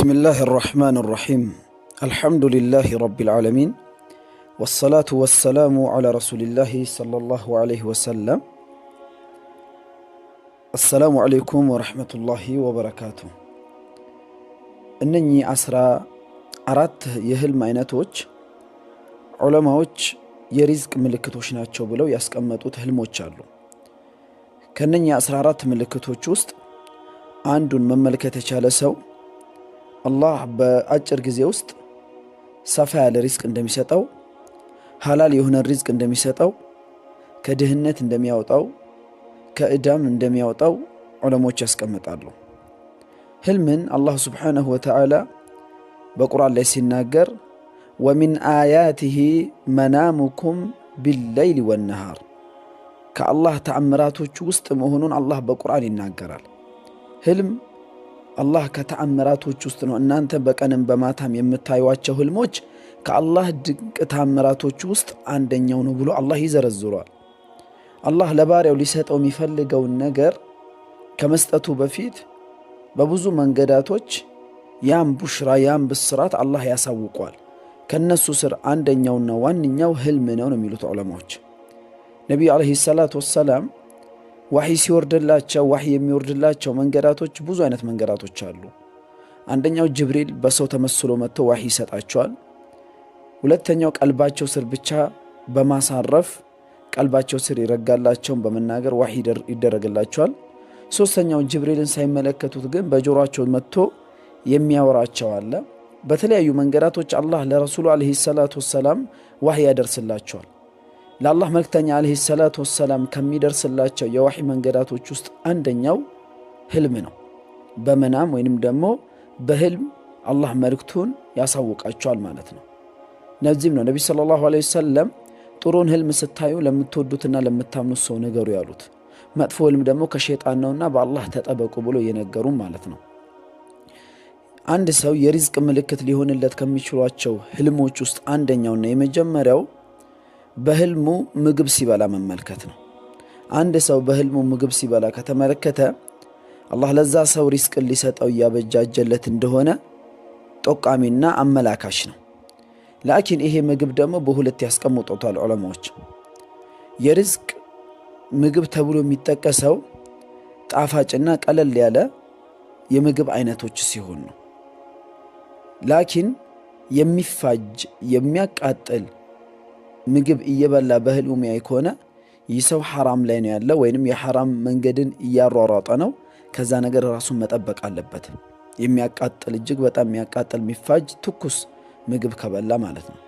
بسم الله الرحمن الرحيم الحمد لله رب العالمين والصلاة والسلام على رسول الله صلى الله عليه وسلم السلام عليكم ورحمة الله وبركاته እነኚህ አስራ አራት የህልም አይነቶች ዑለማዎች የሪዝቅ ምልክቶች ናቸው ብለው ያስቀመጡት ህልሞች አሉ ከእነኚህ 14 ምልክቶች ውስጥ አንዱን መመልከት የቻለ ሰው አላህ በአጭር ጊዜ ውስጥ ሰፋ ያለ ሪዝቅ እንደሚሰጠው፣ ሀላል የሆነ ሪዝቅ እንደሚሰጠው፣ ከድህነት እንደሚያወጣው፣ ከእዳም እንደሚያወጣው ዑለሞች ያስቀምጣሉ። ህልምን አላህ ስብሓነሁ ወተዓላ በቁርአን ላይ ሲናገር ወሚን አያትህ መናሙኩም ቢለይል ወነሃር ከአላህ ተአምራቶች ውስጥ መሆኑን አላህ በቁርአን ይናገራል። ህልም አላህ ከተአምራቶች ውስጥ ነው። እናንተ በቀንም በማታም የምታዩቸው ህልሞች ከአላህ ድንቅ ተአምራቶች ውስጥ አንደኛው ነው ብሎ አላህ ይዘረዝሯል። አላህ ለባሪያው ሊሰጠው የሚፈልገውን ነገር ከመስጠቱ በፊት በብዙ መንገዳቶች ያም ቡሽራ ያም ብስራት አላህ ያሳውቋል። ከነሱ ስር አንደኛውና ዋነኛው ህልም ነው ነው የሚሉት ዑለማዎች ነቢዩ ዓለይሂ ሰላቱ ወሰላም ዋሂ ሲወርድላቸው ዋሂ የሚወርድላቸው መንገዳቶች ብዙ አይነት መንገዳቶች አሉ። አንደኛው ጅብሪል በሰው ተመስሎ መጥቶ ዋሂ ይሰጣቸዋል። ሁለተኛው ቀልባቸው ስር ብቻ በማሳረፍ ቀልባቸው ስር ይረጋላቸውን በመናገር ዋሂ ይደረግላቸዋል። ሶስተኛው ጅብሪልን ሳይመለከቱት ግን በጆሯቸው መጥቶ የሚያወራቸው አለ። በተለያዩ መንገዳቶች አላህ ለረሱሉ ዓለይሂ ሰላቱ ወሰላም ዋሂ ያደርስላቸዋል። ለአላህ መልክተኛ አለህ ሰላት ወሰላም ከሚደርስላቸው የዋሒ መንገዳቶች ውስጥ አንደኛው ህልም ነው። በመናም ወይንም ደግሞ በህልም አላህ መልክቱን ያሳውቃቸዋል ማለት ነው። ነዚህም ነው ነቢ ሰለላሁ ዓለይሂ ሰለም ጥሩን ህልም ስታዩ ለምትወዱትና ለምታምኑት ሰው ነገሩ ያሉት፣ መጥፎ ህልም ደግሞ ከሸጣን ነውና በአላህ ተጠበቁ ብሎ እየነገሩ ማለት ነው። አንድ ሰው የሪዝቅ ምልክት ሊሆንለት ከሚችሏቸው ህልሞች ውስጥ አንደኛውና የመጀመሪያው በህልሙ ምግብ ሲበላ መመልከት ነው። አንድ ሰው በህልሙ ምግብ ሲበላ ከተመለከተ አላህ ለዛ ሰው ሪስቅ ሊሰጠው እያበጃጀለት እንደሆነ ጠቃሚና አመላካሽ ነው። ላኪን ይሄ ምግብ ደግሞ በሁለት ያስቀምጦታል ዑለማዎች። የርዝቅ ምግብ ተብሎ የሚጠቀሰው ጣፋጭና ቀለል ያለ የምግብ አይነቶች ሲሆን ነው። ላኪን የሚፋጅ የሚያቃጥል ምግብ እየበላ በህልሙ የሚያይ ከሆነ ይህ ሰው ሐራም ላይ ነው ያለ ወይንም የሐራም መንገድን እያሯሯጠ ነው። ከዛ ነገር ራሱን መጠበቅ አለበት። የሚያቃጥል እጅግ በጣም የሚያቃጥል የሚፋጅ ትኩስ ምግብ ከበላ ማለት ነው።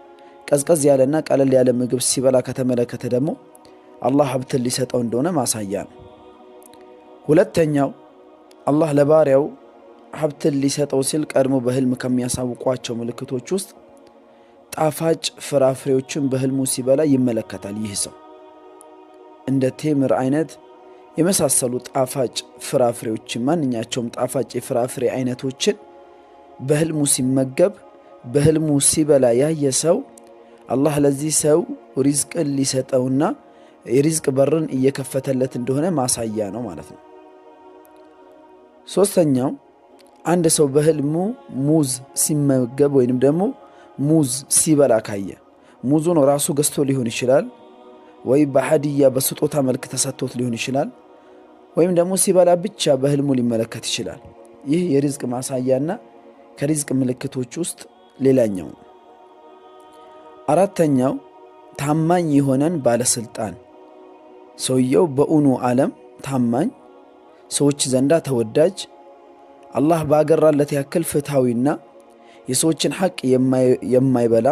ቀዝቀዝ ያለና ቀለል ያለ ምግብ ሲበላ ከተመለከተ ደግሞ አላህ ሀብትን ሊሰጠው እንደሆነ ማሳያ ነው። ሁለተኛው አላህ ለባሪያው ሀብትን ሊሰጠው ሲል ቀድሞ በህልም ከሚያሳውቋቸው ምልክቶች ውስጥ ጣፋጭ ፍራፍሬዎችን በሕልሙ ሲበላ ይመለከታል። ይህ ሰው እንደ ቴምር አይነት የመሳሰሉ ጣፋጭ ፍራፍሬዎችን ማንኛቸውም ጣፋጭ የፍራፍሬ አይነቶችን በሕልሙ ሲመገብ በሕልሙ ሲበላ ያየ ሰው አላህ ለዚህ ሰው ሪዝቅን ሊሰጠውና የሪዝቅ በርን እየከፈተለት እንደሆነ ማሳያ ነው ማለት ነው። ሶስተኛው አንድ ሰው በሕልሙ ሙዝ ሲመገብ ወይንም ደግሞ ሙዝ ሲበላ ካየ ሙዙን ራሱ ገዝቶ ሊሆን ይችላል፣ ወይም በሀዲያ በስጦታ መልክ ተሰጥቶት ሊሆን ይችላል፣ ወይም ደግሞ ሲበላ ብቻ በህልሙ ሊመለከት ይችላል። ይህ የሪዝቅ ማሳያና ከሪዝቅ ምልክቶች ውስጥ ሌላኛው ነው። አራተኛው ታማኝ የሆነን ባለስልጣን። ሰውየው በእውኑ ዓለም ታማኝ፣ ሰዎች ዘንዳ ተወዳጅ፣ አላህ ባገራለት ያክል ፍትሐዊና የሰዎችን ሐቅ የማይበላ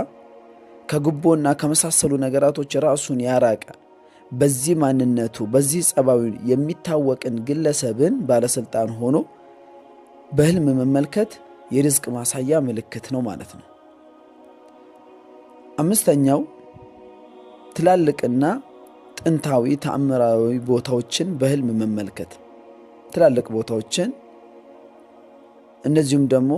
ከጉቦና ከመሳሰሉ ነገራቶች ራሱን ያራቀ በዚህ ማንነቱ በዚህ ጸባዊ የሚታወቅን ግለሰብን ባለስልጣን ሆኖ በህልም መመልከት የርዝቅ ማሳያ ምልክት ነው ማለት ነው። አምስተኛው ትላልቅና ጥንታዊ ተአምራዊ ቦታዎችን በህልም መመልከት፣ ትላልቅ ቦታዎችን እንደዚሁም ደግሞ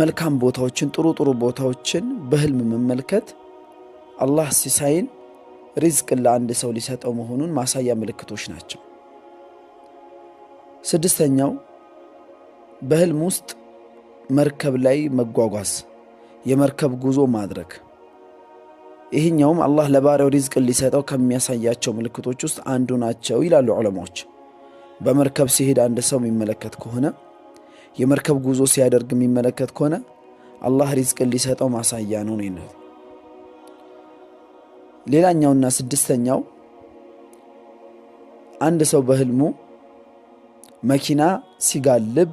መልካም ቦታዎችን ጥሩ ጥሩ ቦታዎችን በህልም መመልከት አላህ ሲሳይን ሪዝቅን ለአንድ ሰው ሊሰጠው መሆኑን ማሳያ ምልክቶች ናቸው። ስድስተኛው በህልም ውስጥ መርከብ ላይ መጓጓዝ፣ የመርከብ ጉዞ ማድረግ። ይህኛውም አላህ ለባሪያው ሪዝቅን ሊሰጠው ከሚያሳያቸው ምልክቶች ውስጥ አንዱ ናቸው ይላሉ ዑለማዎች። በመርከብ ሲሄድ አንድ ሰው የሚመለከት ከሆነ የመርከብ ጉዞ ሲያደርግ የሚመለከት ከሆነ አላህ ሪዝቅን ሊሰጠው ማሳያ ነው ነው። ሌላኛውና ስድስተኛው አንድ ሰው በህልሙ መኪና ሲጋልብ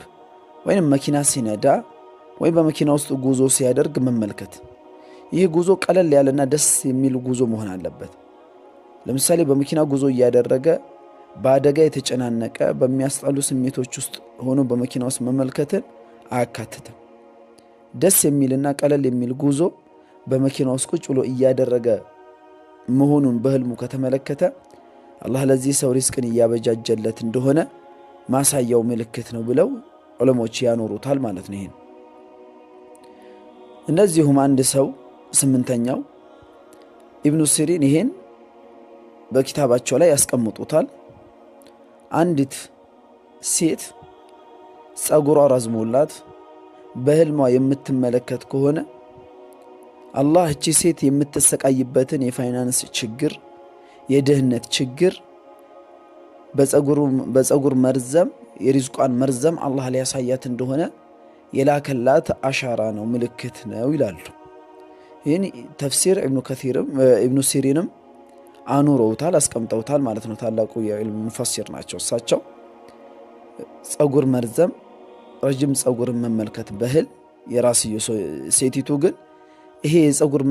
ወይም መኪና ሲነዳ ወይም በመኪና ውስጥ ጉዞ ሲያደርግ መመልከት። ይህ ጉዞ ቀለል ያለና ደስ የሚል ጉዞ መሆን አለበት። ለምሳሌ በመኪና ጉዞ እያደረገ በአደጋ የተጨናነቀ በሚያስጠሉ ስሜቶች ውስጥ ሆኖ በመኪና ውስጥ መመልከትን አያካትትም። ደስ የሚልና ቀለል የሚል ጉዞ በመኪና ውስጥ ቁጭ ብሎ እያደረገ መሆኑን በህልሙ ከተመለከተ አላህ ለዚህ ሰው ሪስቅን እያበጃጀለት እንደሆነ ማሳያው ምልክት ነው ብለው ዑለሞች ያኖሩታል ማለት ነው። ይህን እነዚሁም አንድ ሰው ስምንተኛው ኢብኑ ሲሪን ይህን በኪታባቸው ላይ ያስቀምጡታል። አንዲት ሴት ጸጉሯ ረዝሞላት በህልሟ የምትመለከት ከሆነ አላህ እቺ ሴት የምትሰቃይበትን የፋይናንስ ችግር፣ የደህንነት ችግር በጸጉር መርዘም የሪዝቋን መርዘም አላህ ሊያሳያት እንደሆነ የላከላት አሻራ ነው፣ ምልክት ነው ይላሉ። ይህን ተፍሲር ኢብኑ ሲሪንም። አኑረውታል፣ አስቀምጠውታል ማለት ነው። ታላቁ የዕልም ሙፈሲር ናቸው እሳቸው። ጸጉር መርዘም፣ ረዥም ጸጉርን መመልከት በህል የራስዮ ሴቲቱ ግን ይሄ የጸጉር